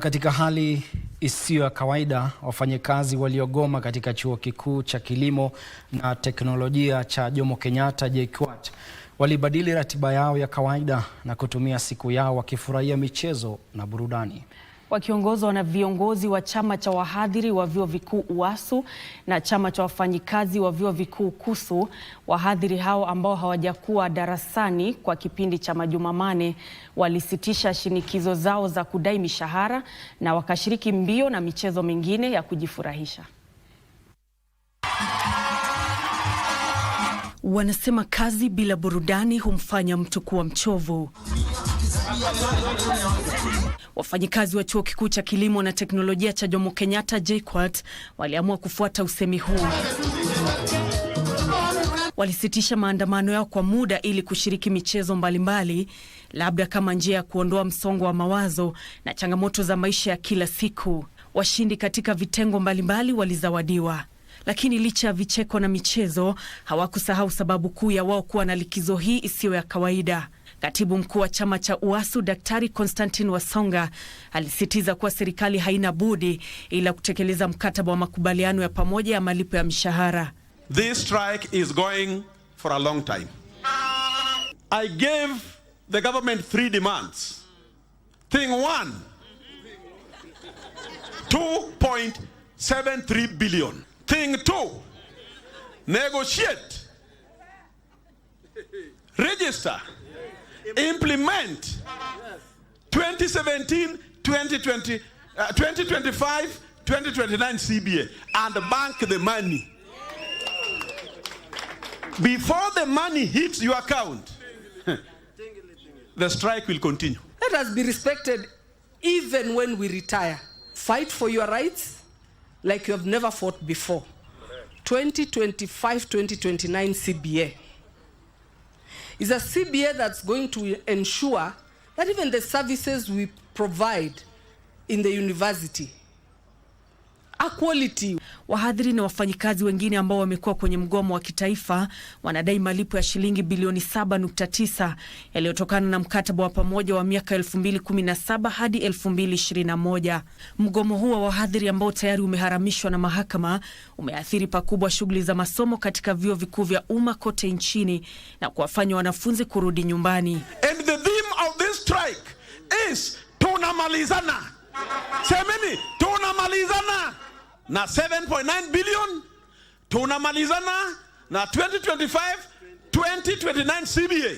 katika hali isiyo ya kawaida, wafanyakazi waliogoma katika Chuo Kikuu cha Kilimo na Teknolojia cha Jomo Kenyatta JKUAT walibadili ratiba yao ya kawaida na kutumia siku yao wakifurahia michezo na burudani wakiongozwa na viongozi wa chama cha wahadhiri wa vyuo vikuu UASU na chama cha wafanyikazi wa vyuo vikuu KUSU. Wahadhiri hao ambao hawajakuwa darasani kwa kipindi cha majuma mane walisitisha shinikizo zao za kudai mishahara na wakashiriki mbio na michezo mingine ya kujifurahisha. Wanasema kazi bila burudani humfanya mtu kuwa mchovu. Wafanyikazi wa chuo kikuu cha kilimo na teknolojia cha Jomo Kenyatta JKUAT waliamua kufuata usemi huu. Walisitisha maandamano yao kwa muda ili kushiriki michezo mbalimbali, labda kama njia ya kuondoa msongo wa mawazo na changamoto za maisha ya kila siku. Washindi katika vitengo mbalimbali walizawadiwa, lakini licha ya vicheko na michezo, hawakusahau sababu kuu ya wao kuwa na likizo hii isiyo ya kawaida. Katibu mkuu wa chama cha UASU Daktari Konstantin Wasonga alisitiza kuwa serikali haina budi ila kutekeleza mkataba wa makubaliano ya pamoja ya malipo ya mishahara. This strike is going for a long time. I gave the government three demands. Thing one, 2.73 billion. Thing two, negotiate. Register implement 2017, 2020, uh, 2025, 2029 CBA and bank the money. Before the money hits your account, the strike will continue. Let us be respected even when we retire. Fight for your rights like you have never fought before. 2025, 2029 CBA is a CBA that's going to ensure that even the services we provide in the university Equality. Wahadhiri na wafanyikazi wengine ambao wamekuwa kwenye mgomo wa kitaifa wanadai malipo ya shilingi bilioni 7.9 yaliyotokana na mkataba wa pamoja wa miaka 2017 hadi 2021. Mgomo huu wa wahadhiri ambao tayari umeharamishwa na mahakama umeathiri pakubwa shughuli za masomo katika vyuo vikuu vya umma kote nchini na kuwafanya wanafunzi kurudi nyumbani. And the theme of this strike is tunamalizana semeni tunamalizana na 7.9 billion tunamalizana na 2025 2029 CBA.